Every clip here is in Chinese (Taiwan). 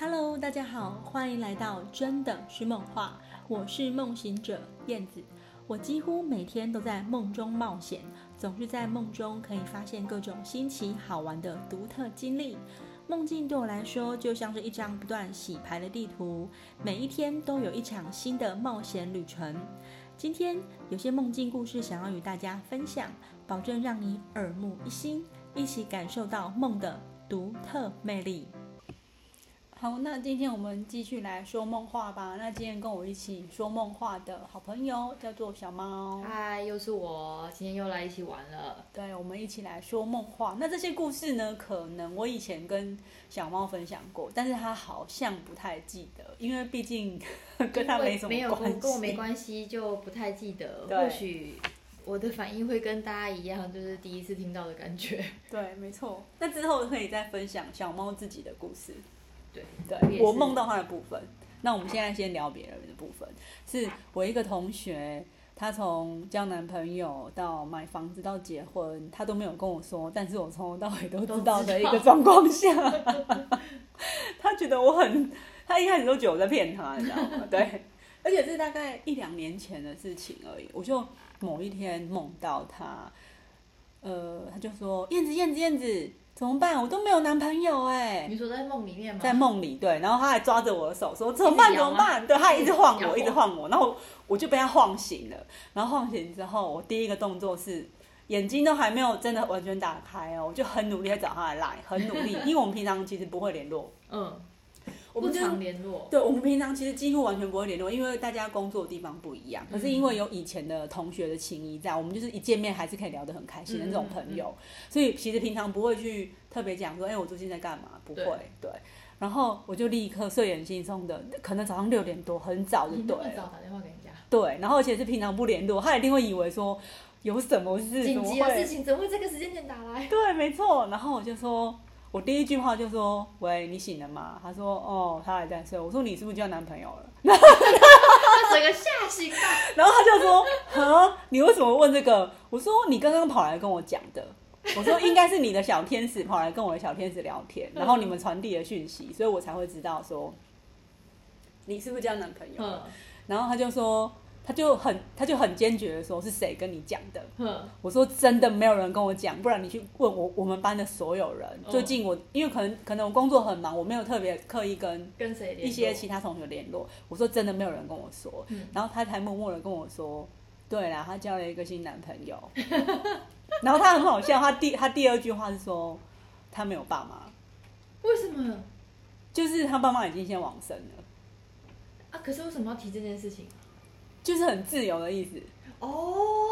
Hello，大家好，歡迎來到真的是夢話。我是夢行者燕子。我幾乎每天都在夢中冒險，總是在夢中可以發現各種新奇好玩的獨特經歷。夢境對我來說就像是一張不斷洗牌的地圖，每一天都有一場新的冒險旅程。今天有些夢境故事想要與大家分享，保證讓你耳目一新，一起感受到夢的獨特魅力。好，那今天我們繼續來說夢話吧。那今天跟我一起說夢話的好朋友叫做小貓。嗨，又是我，今天又來一起玩了。對，我們一起來說夢話。那這些故事呢，可能我以前跟小貓分享過，但是它好像不太記得，因為畢竟跟它沒什麼關係，沒有關係，跟我沒關係，就不太記得。對。或許我的反應會跟大家一樣，就是第一次聽到的感覺。對，沒錯。那之後可以再分享小貓自己的故事。對，對我夢到他的部分。那我們現在先聊別人的部分。是我一個同學，他從交男朋友到買房子到結婚，他都沒有跟我說，但是我從頭到尾都知道的一個狀況下，都知道。 他覺得我很，他一開始都覺得我在騙他，你知道嗎？ 對，而且是大概一兩年前的事情而已。我就某一天夢到他，呃，他就說：“燕子，燕子，燕子。”怎麼辦？我都沒有男朋友哎！你說在夢裡面嗎？在夢裡，對。然後他還抓着我的手，說怎麼辦？怎麼辦？對，他一直晃我，一直晃我，一直晃我。然後我就被他晃醒了。然後晃醒之後，我第一個動作是眼睛都還沒有真的完全打開哦，我就很努力在找他來，很努力， 因為我們平常其實不會聯絡。嗯。不、就是、我常聯絡，對，我們平常其實幾乎完全不會聯絡。嗯、因為大家工作的地方不一樣。可是因為有以前的同學的情誼在，嗯、我們就是一見面還是可以聊得很開心的那種朋友。嗯嗯、所以其實平常不會去特別講說，哎、欸，我最近在幹嘛？不會，對，對。然後我就立刻睡眼惺忪的，可能早上六點多，很早就對了。那麼早打電話給人家？對。然後而且是平常不聯絡，他一定會以為說有什麼事，緊急的事情怎，怎麼會這個時間點打來？對，沒錯。然後我就說。我第一句話就說：“喂，你醒了嗎？”他說：“哦，他還在睡。”我說：“你是不是交男朋友了？”他整個嚇醒了，然後他就說：“啊，你為什麼問這個？”我說：“你剛剛跑來跟我講的。”我說：“應該是你的小天使跑來跟我的小天使聊天， 然後你們傳遞了訊息，所以我才會知道說 你是不是交男朋友了。” 然後他就說。他就很，他就很堅決的說，是誰跟你講的？我說真的沒有人跟我講，不然你去問我我們班的所有人。最近我因為可能可能我工作很忙，我沒有特別刻意跟跟誰一些其他同學聯絡。我說真的沒有人跟我說，然後他才默默的跟我說，對啦，他交了一個新男朋友。然後他很好笑，他第他第二句話是說他沒有爸媽，為什麼？就是他爸媽已經先往生了。啊，可是為什麼要提這件事情？就是很自由的意思，oh,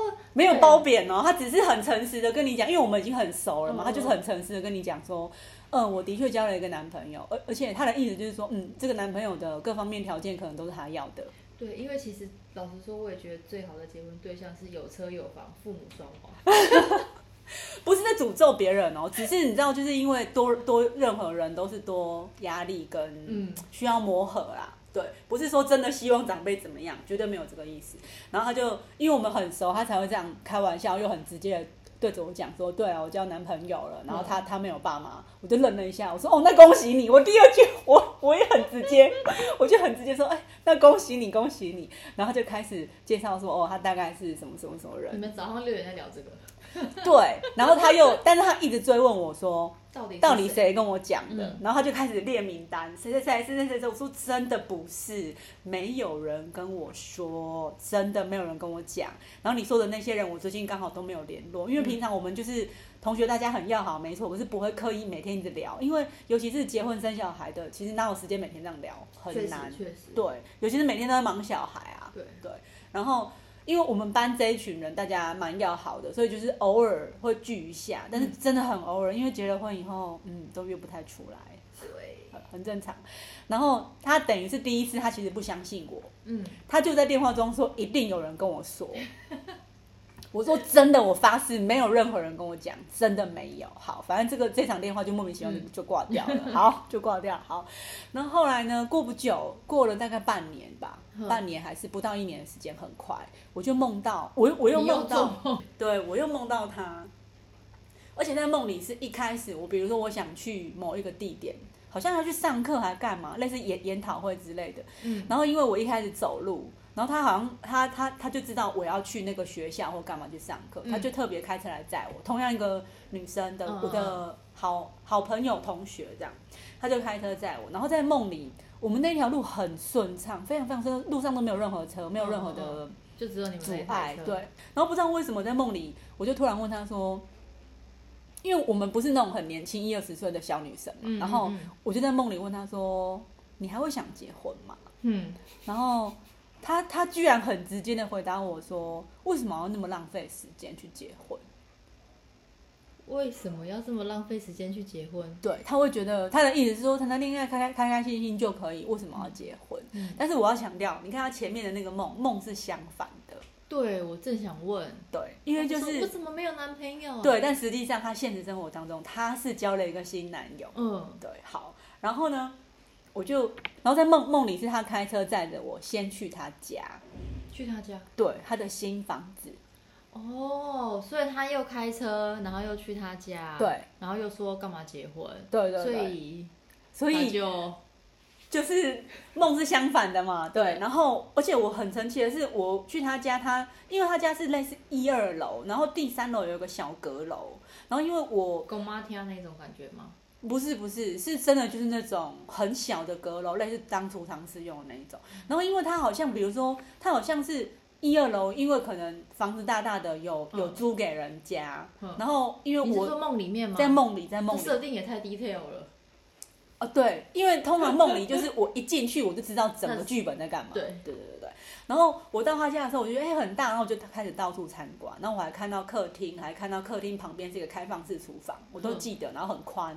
哦，沒有褒貶哦，他只是很誠實的跟你講，因為我們已經很熟了嘛，uh huh. 他就是很誠實的跟你講說，嗯，我的確交了一個男朋友，而而且他的意思就是說，嗯，這個男朋友的各方面條件可能都是他要的。對，因為其實老實說，我也覺得最好的結婚對象是有車有房，父母雙亡， 不是在詛咒別人哦，只是你知道，就是因為多多任何人都是多壓力跟需要磨合啦。嗯對，不是說真的希望長輩怎麼樣，絕對沒有這個意思。然後他就因為我們很熟，他才會這樣開玩笑，又很直接的對着我講說：“對啊，我交男朋友了。”然後他他沒有爸媽，我就愣了一下，我說：“哦，那恭喜你。”我第二句我我也很直接，我就很直接說：“哎，那恭喜你，恭喜你。”然後就開始介紹說：“哦，他大概是什麼什麼什麼人。”你們早上六點在聊這個。 對，然後他又， 但是他一直追問我說，到底誰、到底誰跟我講的？嗯、然後他就開始列名單，誰誰誰，誰誰誰，我說真的不是，沒有人跟我說，真的沒有人跟我講。然後你說的那些人，我最近剛好都沒有聯絡，因為平常我們就是、嗯、同學，大家很要好，沒錯，我是不會刻意每天一直聊，因為尤其是結婚生小孩的，其實哪有時間每天這樣聊，很難，確實，確實對，尤其是每天都在忙小孩啊，對對，然後。因為我們班這一群人，大家蠻要好的，所以就是偶爾會聚一下，但是真的很偶爾。因為結了婚以後，嗯，都約不太出來，對，很正常。然後他等於是第一次，他其實不相信我，嗯，他就在電話中說，一定有人跟我說。 我說真的，我發誓沒有任何人跟我講，真的沒有。好，反正這個這場電話就莫名其妙就掛掉了。嗯、好，就掛掉。好，然後後來呢？過不久，過了大概半年吧，嗯、半年還是不到一年的時間，很快。我就夢到，我我又夢到，夢對我又夢到他。而且在夢裡是一開始，我比如說我想去某一個地點，好像要去上課還幹嘛，類似研研討會之類的。嗯、然後因為我一開始走路。然後他好像他他他就知道我要去那個學校或幹嘛去上課，嗯、他就特別開車來載我。同樣一個女生的、嗯、我的好好朋友同學這樣，他就開車載我。然後在夢裡，我們那條路很順暢，非常非常順，路上都沒有任何車，沒有任何的阻礙。對。然後不知道為什麼在夢裡，我就突然問他說：“因為我們不是那種很年輕一二十歲的小女生嘛，嗯嗯嗯，然後我就在夢裡問他說：‘你還會想結婚嗎？’嗯，然後。”他他居然很直接的回答我說：“為什麼要那麼浪費時間去結婚？為什麼要這麼浪費時間去結婚？”對，他會覺得他的意思是說，談談戀愛開開開開心心就可以，為什麼要結婚？嗯、但是我要強調，你看他前面的那個夢，夢是相反的。對，我正想問，對，因為就是、哦、為什麼沒有男朋友、啊？對，但實際上他現實生活當中，他是交了一個新男友。嗯，對，好，然後呢？我就，然後在夢夢裡是他開車載着我先去他家，去他家，對，他的新房子，哦，oh, 所以他又開車，然後又去他家，對，然後又說幹嘛結婚，對，對對，所以所以就就是夢是相反的嘛，對，對，然後而且我很神奇的是，我去他家，他因為他家是類似一二樓，然後第三樓有個小閣樓，然後因為我跟我媽聽到那種感覺嘛。不是不是，是真的就是那種很小的閣樓，類似當儲藏室用的那一種。然後因為它好像，比如說它好像是一二樓，因為可能房子大大的有、嗯、有租給人家。嗯、然後因為我，你是說夢裡面嗎？在夢裡，在夢裡設定也太 detail 了。啊、哦，對，因為通常夢裡就是我一進去我就知道整個劇本在幹嘛。對，對對對對。然後我到他家的時候，我就覺得哎、欸，很大，然後我就開始到處參觀，然後我還看到客廳，還看到客廳旁邊是一個開放式廚房，我都記得，然後很寬。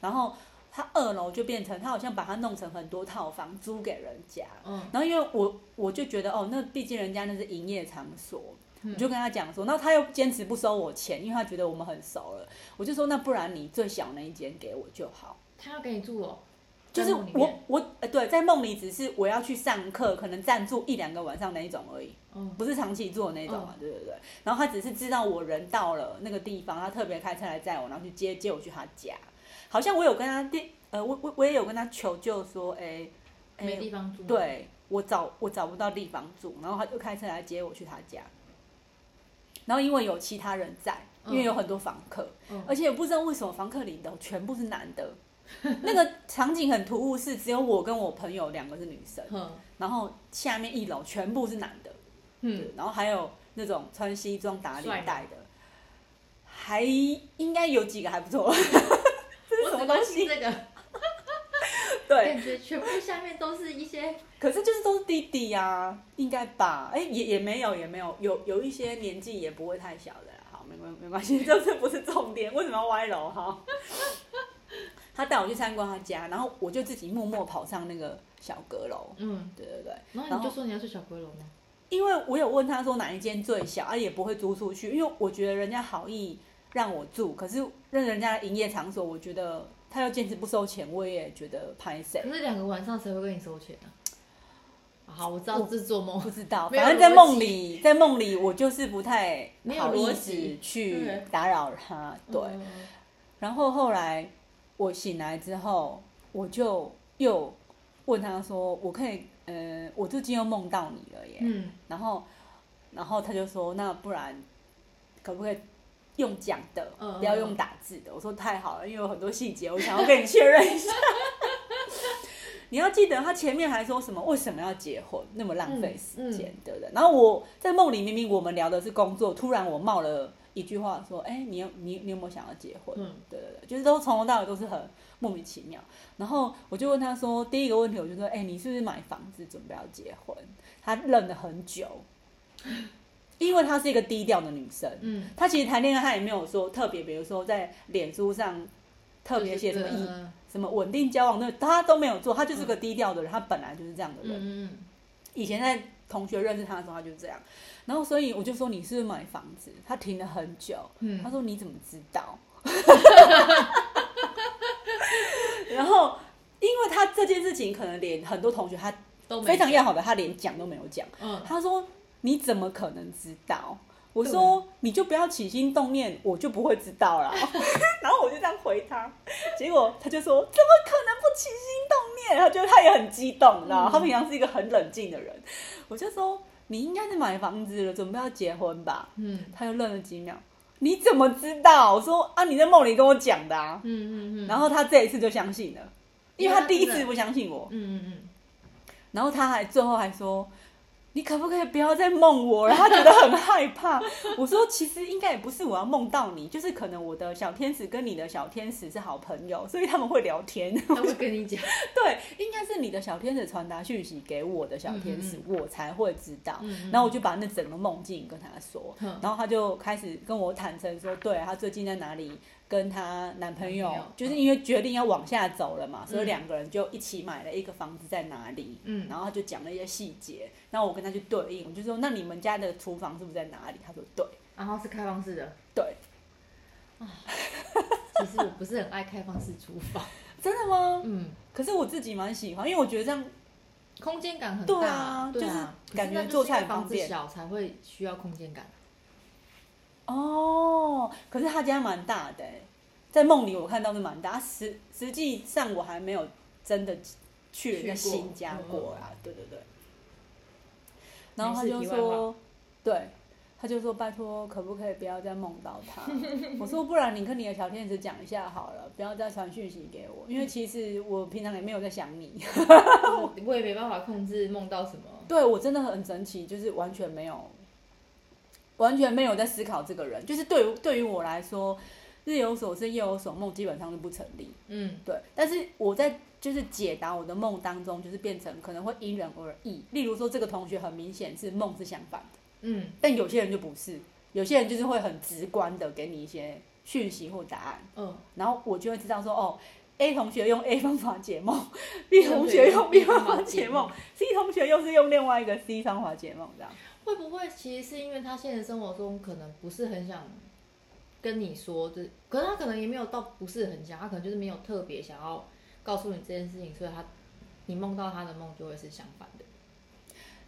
然後他二樓就變成他好像把它弄成很多套房租給人家。嗯。然後因為我我就覺得哦，那畢竟人家那是營業場所，我就跟他講說，那他又堅持不收我錢，因為他覺得我們很熟了。我就說那不然你最小那一間給我就好。他要給你住哦，就是我我呃對，在夢裡只是我要去上課，可能暫住一兩個晚上那一種而已，嗯、不是長期住那一種嘛，嗯、對對對。然後他只是知道我人到了那個地方，嗯、他特別開車來載我，然後去接接我去他家。好像我有跟他電呃，我我我也有跟他求救說，哎、欸，欸、沒地方住，對我找我找不到地方住，然後他就開車來接我去他家。然後因為有其他人在，因為有很多房客，嗯嗯、而且也不知道為什麼房客裡的全部是男的。 那個場景很突兀，是只有我跟我朋友兩個是女生，呵然後下面一樓全部是男的，嗯，然後還有那種穿西裝打領帶的，了還應該有幾個還不錯，哈、嗯、什麼東西這個， 對，感覺全部下面都是一些， 可是就是都是弟弟呀、啊，應該吧？哎、欸，也也沒有，也沒有，有有一些年紀也不會太小的，好，沒關，沒關係，這是不是重點？ 為什麼要歪樓哈？他帶我去參觀他家，然後我就自己默默跑上那個小閣樓。嗯，對對對。然後，然後你就說你要去小閣樓嗎？因為我有問他說哪一間最小，啊也不會租出去，因為我覺得人家好意讓我住，可是讓人家的營業場所，我覺得他又堅持不收錢，我也覺得拍誰。可是兩個晚上誰會跟你收錢，啊啊、好，我知道是做夢，不知道，反正，在夢裡，在夢裡我就是不太好意思去打擾他。對，然後後來。我醒來之後，我就又問他說：“我可以，嗯、呃，我最近又夢到你了耶。嗯”然後，然後他就說：“那不然，可不可以用講的，哦、不要用打字的？”我說：“太好了，因為有很多細節，我想要跟你確認一下。” 你要記得，他前面還說什麼？為什麼要結婚？那麼浪費時間，嗯嗯、對不對？然後我在夢裡明明我們聊的是工作，突然我冒了。一句話說，哎，你有你你有沒有想要結婚？對對對，就是都從頭到尾都是很莫名其妙。然後我就問他說，第一個問題我就說，哎，你是不是買房子準備要結婚？他愣了很久，因為她是一個低調的女生。她其實談戀愛她也沒有說特別，比如說在臉書上特別寫什麼一什麼穩定交往，那她都沒有做，她就是個低調的人，她本來就是這樣的人。以前在。同學認識他的時候，他就這樣。然後，所以我就說你是不是買房子？他停了很久。嗯，他說你怎麼知道？ 然後，因為他這件事情，可能連很多同學他都非常要好的，他連講都沒有講。嗯，他說你怎麼可能知道？我說吧你就不要起心動念，我就不會知道啦。 然後我就這樣回他，結果他就說怎麼可能不起心動念、啊？他就他也很激動。嗯、然後他平常是一個很冷靜的人，我就說你應該是買房子了，準備要結婚吧？嗯，他又愣了幾秒，你怎麼知道？我說啊你在夢裡跟我講的啊。嗯嗯嗯。嗯嗯然後他這一次就相信了，因為他第一次不相信我。嗯嗯嗯。嗯然後他還最後還說。你可不可以不要再夢我了？他覺得很害怕。 我說，其實應該也不是我要夢到你，就是可能我的小天使跟你的小天使是好朋友，所以他們會聊天，他會跟你講。 對，應該是你的小天使傳達訊息給我的小天使，嗯嗯我才會知道。嗯嗯然後我就把那整個夢境跟他說，嗯嗯然後他就開始跟我坦承說，對，他最近在哪裡。跟她男朋友有就是因為決定要往下走了嘛，嗯、所以兩個人就一起買了一個房子在哪裡，嗯，然後他就講了一些細節，然後我跟她去對應，我就說那你們家的廚房是不是在哪裡？她說對，然後是開放式的，對、啊，其實我不是很愛開放式廚房， 真的嗎？嗯，可是我自己蠻喜歡，因為我覺得這樣空間感很大，對啊，對啊就是感覺做菜方便，小才會需要空間感。哦，可是他家蠻大的，欸，在夢裡我看到是蠻大，實實際上我還沒有真的去，去過，去過，新家過啊，嗯、對對對。然後他就說，對，他就說拜托，可不可以不要再夢到他？ 我說不然你跟你的小天使講一下好了，不要再傳訊息給我，因為其實我平常也沒有在想你， 我也沒辦法控制夢到什麼。對，我真的很神奇，就是完全沒有。完全沒有在思考這個人，就是對於對於我來說，日有所思夜有所夢基本上是不成立。嗯，對。但是我在就是解答我的夢當中，就是變成可能會因人而異。例如說，這個同學很明顯是夢是相反的。嗯，但有些人就不是，有些人就是會很直觀的給你一些訊息或答案。嗯，然後我就會知道說，哦，A 同學用 A 方法解夢，嗯，B 同學用 B 方法解夢，嗯，C 同學又是用另外一個 C 方法解夢這樣。會不會其實是因為他現實生活中可能不是很想跟你說，就是、可是他可能也沒有到不是很想，他可能就是沒有特別想要告訴你這件事情，所以他你夢到他的夢就會是相反的。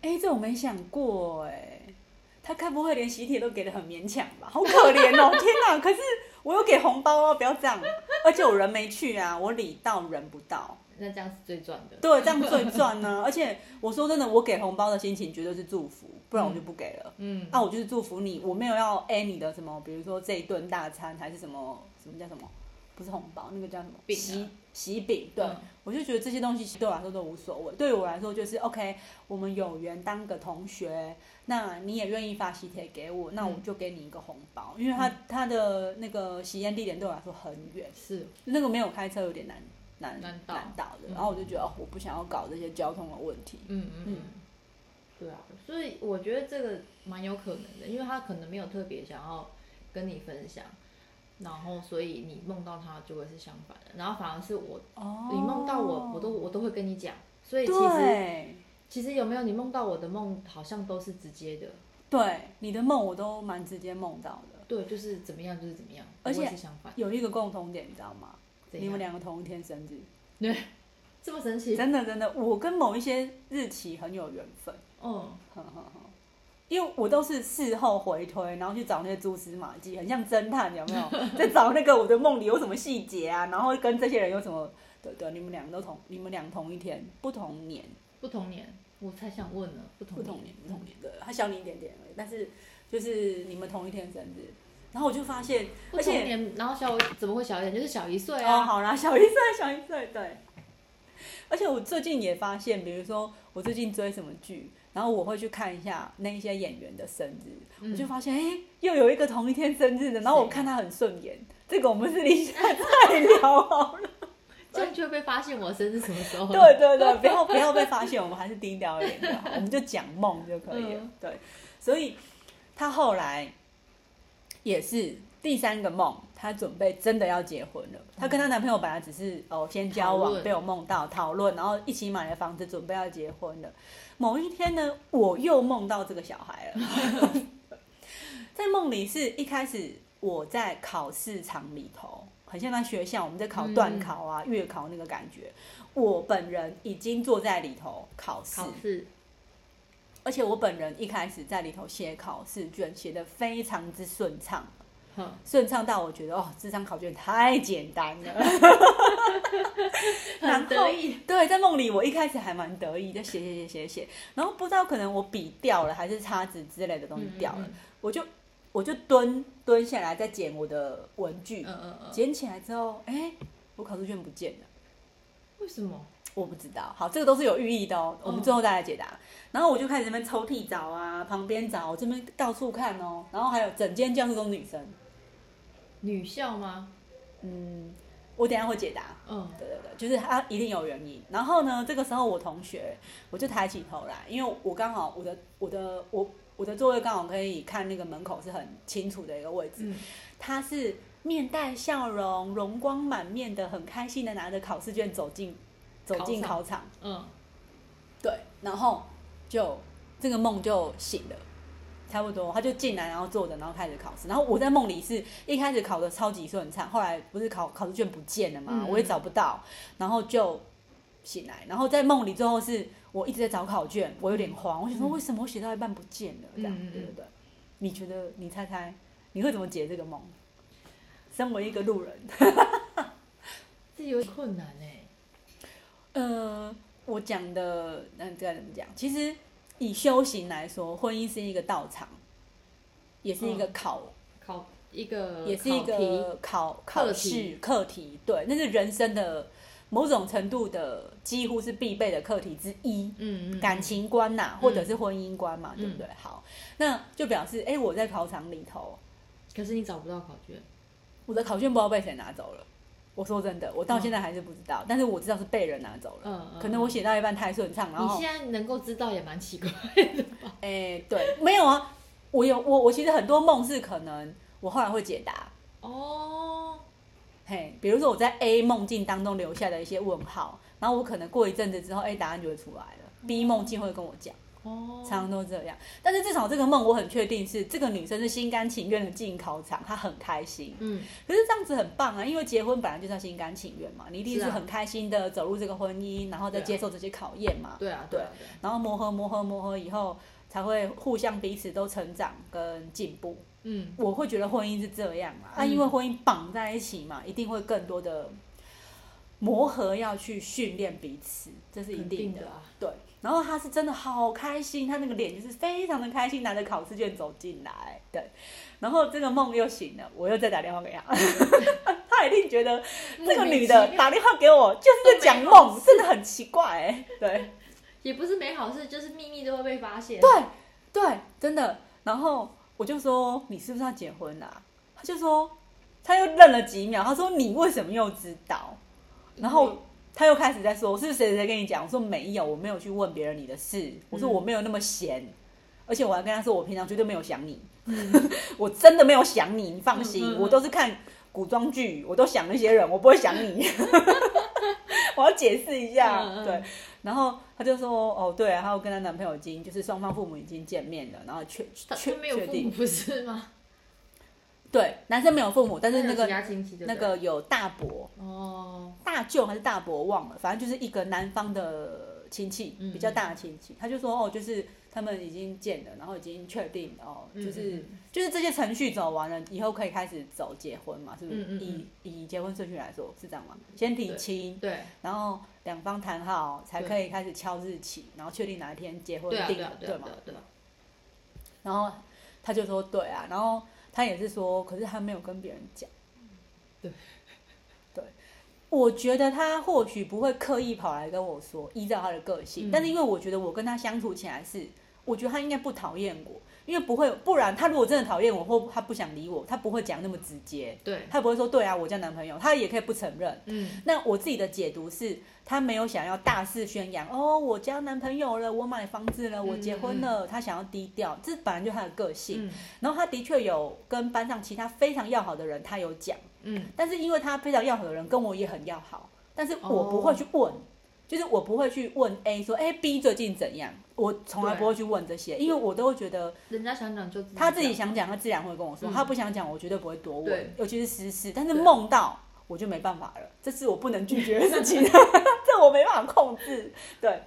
哎、欸，這我沒想過哎、欸，他該不會連喜帖都給得很勉強吧？好可憐哦， 天哪、啊！可是我有給紅包哦，不要這樣，而且我人沒去啊，我禮到人不到。那這樣是最賺的。對，這樣最賺呢。 而且我說真的，我給紅包的心情絕對是祝福，不然我就不給了。嗯，那、嗯啊、我就是祝福你，我沒有要 A 你的什麼，比如說這一頓大餐還是什麼，什麼叫什麼？不是紅包，那個叫什麼？喜喜餅。對，嗯、我就覺得這些東西其實對我來說都無所謂。對我來說就是，OK，我們有緣當個同學，那你也願意發喜帖給我，那我就給你一個紅包，嗯、因為他他的那個喜宴地點對我來說很遠，是那個沒有開車有點難。難道難到的，嗯、然後我就覺得我不想要搞這些交通的問題。嗯嗯，嗯，對啊，所以我覺得這個蠻有可能的，因為他可能沒有特別想要跟你分享，然後所以你夢到他就會是相反的，然後反而是我，哦、你夢到我，我都我都會跟你講。所以其實對其實有沒有你夢到我的夢，好像都是直接的。對，你的夢我都蠻直接夢到的。對，就是怎麼樣就是怎麼樣，而且是相反有一個共同點，你知道嗎？你們兩個同一天生日，對，這麼神奇，真的真的，我跟某一些日期很有緣分，嗯、哦，很哈，因為我都是事後回推，然後去找那些蛛絲馬跡，很像偵探，你有沒有？在找那個我的夢裡有什麼細節啊？ 然後跟這些人有什麼？對對，對，你們兩個都同，你們兩同一天，不同年，不同年，我才想問呢，不同年，不同年，的年，他小你一點點而已，但是就是你們同一天生日。然後我就發現，而且然後小怎麼會小一點，就是小一歲啊。哦，好啦，小一歲，小一歲，對。而且我最近也發現，比如說我最近追什麼劇，然後我會去看一下那一些演員的生日，嗯、我就發現哎，又有一個同一天生日的，然後我看他很順眼，是這個我們是低調，太聊好了， 對這樣就會被發現我生日什麼時候、啊對。對對對， 不要不要被發現，我們還是低調一點的， 我們就講夢就可以了。嗯、對，所以他後來。也是第三個夢，她準備真的要結婚了。她跟她男朋友本來只是哦，先交往，論被我夢到討論，然後一起買了房子，準備要結婚了。某一天呢，我又夢到這個小孩了。 在夢裡是一開始我在考試場裡頭，很像在學校，我們在考段考啊、嗯、月考那個感覺。我本人已經坐在裡頭考試。考試而且我本人一開始在裡頭寫考試卷，寫得非常之順暢，順暢、嗯、到我覺得哦，這張考卷太簡單了，嗯、 很得意。然後，對，在夢裡我一開始還蠻得意，就寫寫寫寫寫，然後不知道可能我筆掉了，還是叉子之類的東西掉了，嗯嗯嗯，我就我就蹲蹲下來再撿我的文具，撿、嗯嗯嗯、起來之後，哎、欸，我考試卷不見了，為什麼？我不知道，好，這個都是有寓意的哦。我們最後再來解答。Oh. 然後我就開始在那邊抽屜找啊，旁邊找，我這邊到處看哦。然後還有整間教室都是女生，女校嗎？嗯，我等一下會解答。嗯，oh. 對對對，就是她一定有原因。然後呢，這個時候我同學我就抬起頭來，因為我剛好我的我的我我的座位剛好可以看那個門口是很清楚的一個位置。她、嗯、是面帶笑容、容光滿面的，很開心的拿着考試卷走進。走進考場，考嗯，對，然後就這個夢就醒了，差不多，他就進來，然後坐着，然後開始考試。然後我在夢裡是一開始考的超級順暢，後來不是考考試卷不見了嘛，我也找不到，然後就醒來。然後在夢裡最後是我一直在找考卷，我有點慌，嗯、我想說為什麼我寫到一半不見了？嗯、這樣，對對對。嗯、你覺得？你猜猜你會怎麼解這個夢？身為一個路人，自己 有困難哎、欸。嗯、呃，我講的那該怎麼講？其實以修行來說，婚姻是一個道場，也是一個考，哦、考一個，也是一個考考試課題。對，那是人生的某種程度的，幾乎是必備的課題之一。嗯嗯，嗯嗯感情觀吶、啊，或者是婚姻觀嘛，嗯、對不對？好，那就表示哎、欸，我在考場裡頭，可是你找不到考卷，我的考卷不知道被誰拿走了。我說真的，我到現在還是不知道，哦、但是我知道是被人拿走了。嗯，嗯，可能我寫到一半太順暢，然後你現在能夠知道也蠻奇怪的吧。哎、欸，對，沒有啊，我有我我其實很多夢是可能我後來會解答。哦。嘿，比如說我在 A 夢境當中留下的一些問號，然後我可能過一陣子之後，哎，答案就會出來了。哦、B 夢境會跟我講。哦，常常都這樣，但是至少這個夢我很確定是這個女生是心甘情願的進考場，她很開心。嗯，可是這樣子很棒啊，因為結婚本來就是要心甘情願嘛，你一定是很開心的走入這個婚姻，啊、然後再接受這些考驗嘛。對啊，對。然後磨合磨合磨合以後，才會互相彼此都成長跟進步。嗯，我會覺得婚姻是這樣啊，那、嗯、因為婚姻綁在一起嘛，一定會更多的磨合要去訓練彼此，這是一定的。肯定的啊、對。然後他是真的好開心，他那個臉就是非常的開心，拿着考試卷走進來。對，然後這個夢又醒了，我又再打電話給他，嗯、 他一定覺得、嗯、這個女的打電話給我就是在講夢，真的很奇怪、欸。哎，對，也不是沒好事，就是秘密都會被發現。對對，真的。然後我就說，你是不是要結婚啦、啊？他就說，他又愣了幾秒，他說，你為什麼又知道？然後。嗯嗯他又開始在說，我是誰誰跟你講？我說沒有，我沒有去問別人你的事。嗯、我說我沒有那麼閒，而且我還跟他說，我平常絕對沒有想你。嗯、 我真的沒有想你，你放心，嗯嗯，我都是看古裝劇，我都想那些人，我不會想你。 我要解釋一下，嗯嗯，對。然後他就說，哦，對，然後跟他男朋友已經就是雙方父母已經見面了，然後確確確定是不是嗎？對，男生沒有父母，但是那個那個有大伯哦，oh. 大舅還是大伯忘了，反正就是一個男方的親戚，嗯嗯比較大的親戚。他就說哦，就是他們已經見了，然後已經確定哦，就是嗯嗯就是這些程序走完了以後可以開始走結婚嘛，是不是？嗯嗯嗯以以結婚順序來說是這樣嗎？先提親，對，對然後兩方談好才可以開始敲日期，對然後確定哪一天結婚定對嗎？對、啊。對啊、然後他就說對啊，然後。他也是說，可是他沒有跟別人講。對，對，我覺得他或許不會刻意跑來跟我說，依照他的個性，嗯，但是因為我覺得我跟他相處起來是，我覺得他應該不討厭我。因為不會，不然他如果真的討厭我或他不想理我，他不會講那麼直接。對，他不會說對啊，我交男朋友，他也可以不承認。嗯，那我自己的解讀是，他沒有想要大肆宣揚、嗯、哦，我交男朋友了，我買房子了，我結婚了。嗯、他想要低調，這反而就他的個性。嗯、然後他的確有跟班上其他非常要好的人，他有講。嗯，但是因為他非常要好的人跟我也很要好，但是我不會去問。哦就是我不會去問 A 說哎、欸、B 最近怎樣？我從來不會去問這些，對因為我都會覺得人家想講就他自己想講，他自然會跟我說。嗯、他不想講，我絕對不會多問。對尤其是私事，但是夢到我就沒辦法了，這是我不能拒絕的事情、啊，對 這我沒辦法控制。對，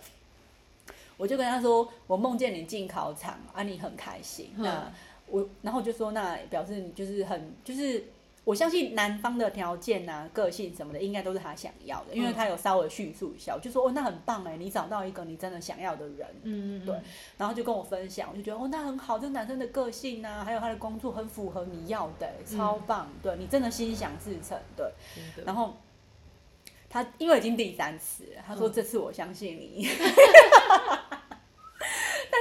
我就跟他說，我夢見你進考場啊，你很開心。嗯、那我然後就說，那表示你就是很就是。我相信男方的條件吶、啊、個性什麼的，應該都是他想要的，因為他有稍微敘述一下，我就說哦，那很棒哎，你找到一個你真的想要的人，嗯，對，然後就跟我分享，我就覺得哦，那很好，這男生的個性吶、啊，還有他的工作很符合你要的，超棒，嗯、對，你真的心想事成，對，的然後他因為已經第三次，他說、嗯、這次我相信你， 但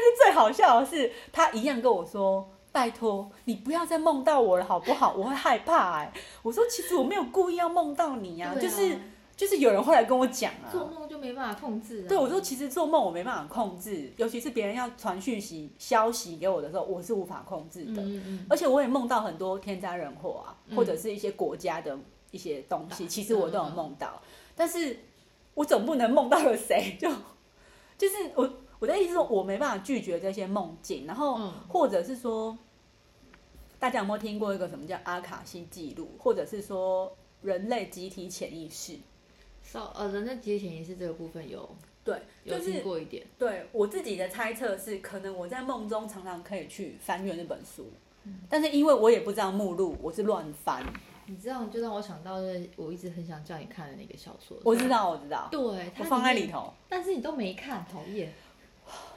是最好笑的是，他一樣跟我說，拜託你不要再夢到我了，好不好？我會害怕哎、欸。我說其實我沒有故意要夢到你呀、啊， 就是就是有人會來跟我講啊。做夢就沒辦法控制、啊。對，我說其實做夢我沒辦法控制，尤其是別人要傳訊息消息給我的時候，我是無法控制的。嗯嗯嗯。而且我也夢到很多天災人禍啊，或者是一些國家的一些東西，嗯、其實我都有夢到。嗯嗯。但是，我總不能夢到了誰就就是我我的意思是說我沒辦法拒絕這些夢境，然後或者是說。大家有沒有聽過一個什麼叫阿卡西記錄，或者是說人類集體潛意識？少，so, 呃，人類集體潛意識這個部分有對，有聽過一點。就是，對我自己的猜測是，可能我在夢中常常可以去翻閱那本書，嗯，但是因為我也不知道目錄，我是亂翻。你知道，就讓我想到，就是我一直很想叫你看的那個小說。我知道，我知道，對，他我放在裡頭，但是你都沒看，討厭。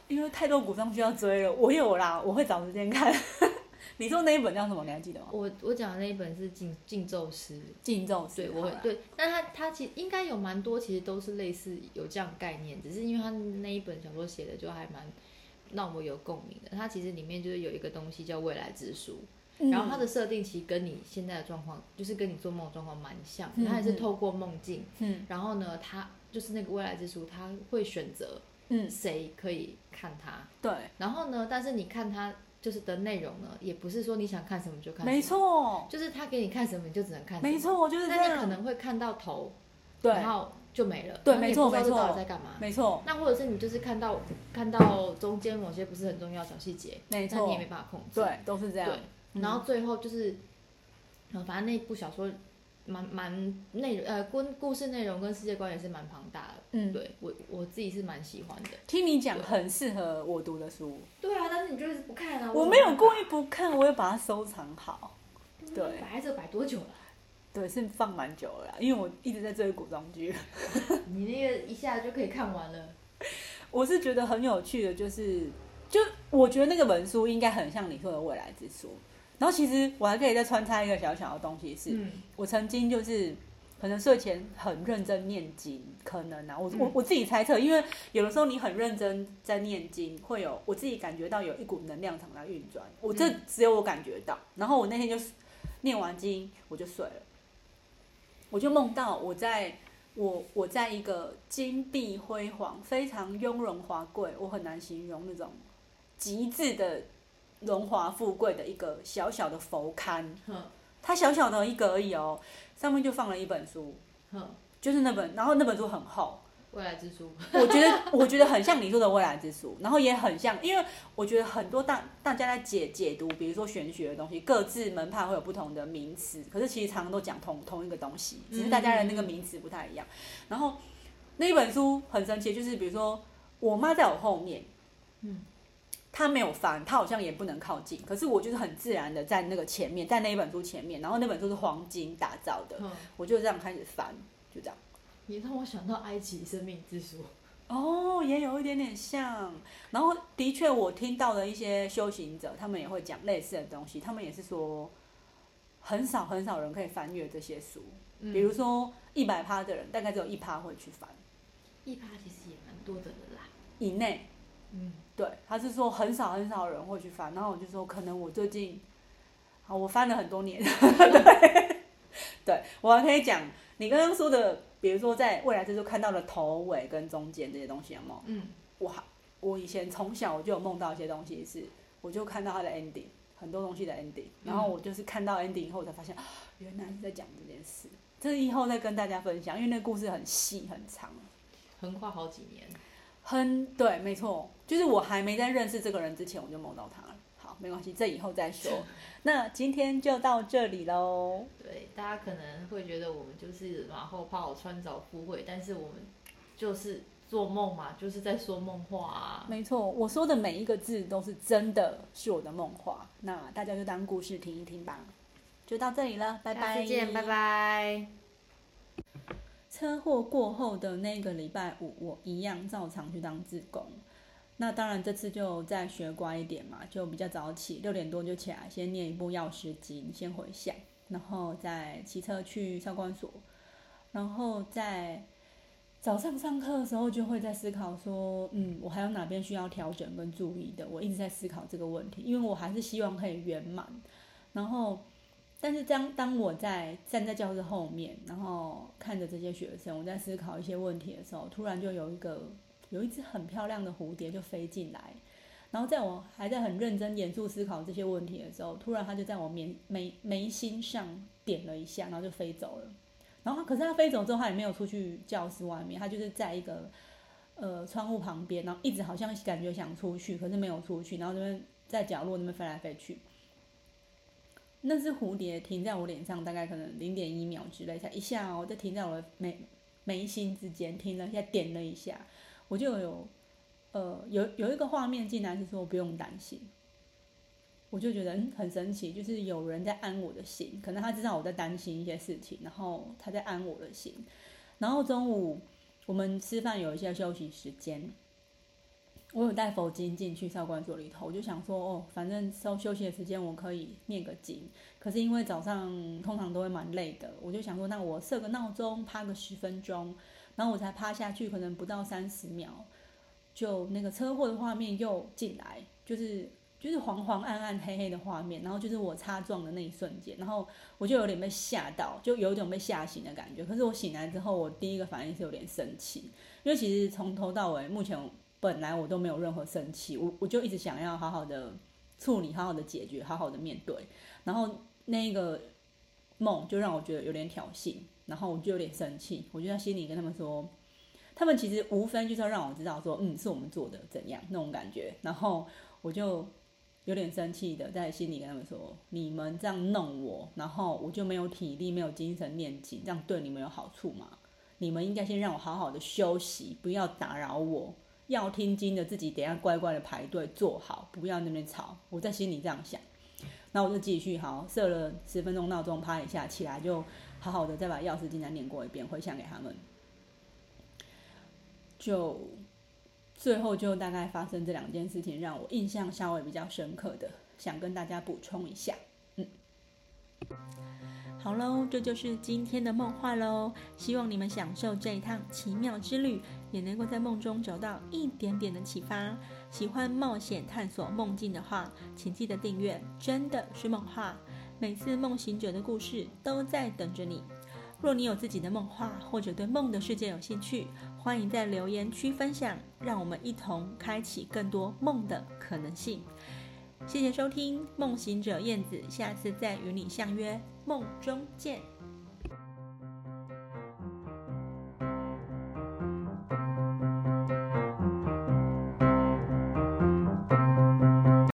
因為太多古裝需要追了，我有啦，我會找時間看。 你說那一本叫什麼？你還記得嗎？我我講的那一本是《禁咒師》咒。禁咒師，對，我會啦對，但他他其實應該有蠻多，其實都是類似有這樣概念，只是因為他那一本小說寫的就還蠻讓我有共鳴的。他其實裡面就是有一個東西叫未來之書，嗯、然後他的設定其實跟你現在的狀況，就是跟你做夢的狀況蠻像。他也是透過夢境，嗯、然後呢，他就是那個未來之書，他會選擇嗯誰可以看他、嗯，對，然後呢，但是你看他。就是的內容呢，也不是說你想看什麼就看什麼。沒錯錯，就是他給你看什麼，你就只能看什麼。沒錯，就是這樣。那你可能會看到頭，對，然後就沒了。對，沒錯，你也不知道這到底在幹嘛。沒錯，沒那或者是你就是看到看到中間某些不是很重要小細節，沒錯，那你也沒辦法控制。對，都是這樣。對，然後最後就是，嗯、反正那部小說。蠻蠻內容呃，故故事內容跟世界觀也是蠻龐大的。嗯，對我我自己是蠻喜歡的。聽你講，對很適合我讀的書。對啊，但是你就是不看啊。我沒有故意不看， 我也把它收藏好。嗯、對，擺這擺多久了？啊？對，是放蠻久了，因為我一直在追古裝劇。 你那個一下就可以看完了。 我是覺得很有趣的，就是就我覺得那個文書應該很像你說的未來之書。然後其實我還可以再穿插一個小小的東西是，是、嗯、我曾經就是可能睡前很認真念經，可能啊，我、嗯、我我自己猜測，因為有的時候你很認真在念經，會有我自己感覺到有一股能量場在運轉，我這只有我感覺到。嗯、然後我那天就念完經，我就睡了，我就夢到我在我我在一個金碧輝煌、非常雍容華貴，我很難形容那種極致的。榮華富貴的一個小小的佛龕，呵它小小的一個而已哦，上面就放了一本書，呵就是那本，然後那本書很厚，未來之書，我覺得我覺得很像你說的未來之書， 然後也很像，因為我覺得很多大大家在解解讀，比如說玄學的東西，各自門派會有不同的名詞，可是其實常常都講同同一個東西，只是大家的那個名詞不太一樣。嗯嗯嗯。然後那一本書很神奇，就是比如說我媽在我後面，嗯。他沒有翻，他好像也不能靠近。可是我就是很自然的在那個前面，在那一本書前面，然後那本書是黃金打造的，嗯、我就這樣開始翻，就這樣。也讓我想到《埃及生命之書》哦，也有一點點像。然後的確，我聽到的一些修行者，他們也會講類似的東西。他們也是說，很少很少人可以翻閱這些書，嗯、比如說一百趴的人，嗯、大概只有一趴會去翻。一趴其實也蠻多的了啦，以內。嗯，對，他是說很少很少人會去翻，然後我就說可能我最近啊，我翻了很多年， 對，對我還可以講你剛剛說的，比如說在未來之書看到了頭尾跟中間這些東西有沒有？嗯，我我以前從小我就有夢到一些東西是，是我就看到它的 ending，很多東西的 ending，然後我就是看到 ending 以後，我才發現、嗯、原來是在講這件事，這以後再跟大家分享，因為那個故事很細很長，橫跨好幾年，很對，沒錯。就是我還沒在認識這個人之前，我就夢到他了。好，沒關係，這以後再說。 那今天就到這裡嘍。對，大家可能會覺得我們就是馬後炮，我穿鑿附會，但是我們就是做夢嘛，就是在說夢話啊。沒錯，我說的每一個字都是真的，是我的夢話。那大家就當故事聽一聽吧。就到這裡了，拜拜，再見，拜拜。車禍過後的那個禮拜五，我一樣照常去當志工。那當然，這次就再學乖一點嘛，就比較早起，六點多就起來，先念一部藥師經，先回想，然後再騎車去少觀所，然後在早上上課的時候就會在思考說，嗯，我還有哪邊需要調整跟注意的？我一直在思考這個問題，因為我還是希望可以圓滿。然後，但是當當我在站在教室後面，然後看着這些學生，我在思考一些問題的時候，突然就有一個。有一隻很漂亮的蝴蝶就飛進來，然後在我還在很認真嚴肅思考這些問題的時候，突然它就在我眉眉眉心上點了一下，然後就飛走了。然後，它可是它飛走之後，它也沒有出去教室外面，它就是在一個呃窗戶旁邊，然後一直好像感覺想出去，可是沒有出去。然後那邊在角落在那邊飛來飛去。那隻蝴蝶停在我臉上，大概可能零點一秒之類，一下一下哦，就停在我的眉眉心之間，停了一下，點了一下。我就有，呃，有有一個畫面進來是說不用擔心，我就覺得很神奇，就是有人在安我的心，可能他知道我在擔心一些事情，然後他在安我的心。然後中午我們吃飯有一些休息時間，我有帶佛經進去少管所裡頭，我就想說，哦，反正稍休息的時間我可以念個經。可是因為早上通常都會蠻累的，我就想說，那我設個鬧鐘，趴個十分鐘。然後我才趴下去，可能不到三十秒，就那個車禍的畫面又進來，就是就是黃黃暗暗黑黑的畫面，然後就是我擦撞的那一瞬間，然後我就有點被嚇到，就有點被嚇醒的感覺。可是我醒來之後，我第一個反應是有點生氣，因為其實從頭到尾，目前本來我都沒有任何生氣，我我就一直想要好好的處理，好好的解決，好好的面對。然後那個夢就讓我覺得有點挑釁。然後我就有點生氣，我就在心裡跟他們說，他們其實無非就是要讓我知道說，嗯，是我們做的怎樣那種感覺。然後我就有點生氣的在心裡跟他們說，你們這樣弄我，然後我就沒有體力，沒有精神念經，這樣對你們有好處嗎？你們應該先讓我好好的休息，不要打擾我。要聽經的自己等下乖乖的排隊坐好，不要那邊吵。我在心裡這樣想，那我就繼續好，設了十分鐘鬧鐘，啪一下起來就好好的，再把鑰匙竟然念過一遍，回想給他們。就最後就大概發生這兩件事情，讓我印象稍微比較深刻的，想跟大家補充一下。嗯，好嘍，這就是今天的夢話嘍。希望你們享受這一趟奇妙之旅，也能夠在夢中找到一點點的啟發。喜歡冒險探索夢境的話，請記得訂閱真的是夢話。每次夢行者的故事都在等着你。若你有自己的夢話，或者對夢的世界有興趣，歡迎在留言區分享，讓我們一同開啟更多夢的可能性。謝謝收聽夢行者燕子，下次再與你相約夢中見。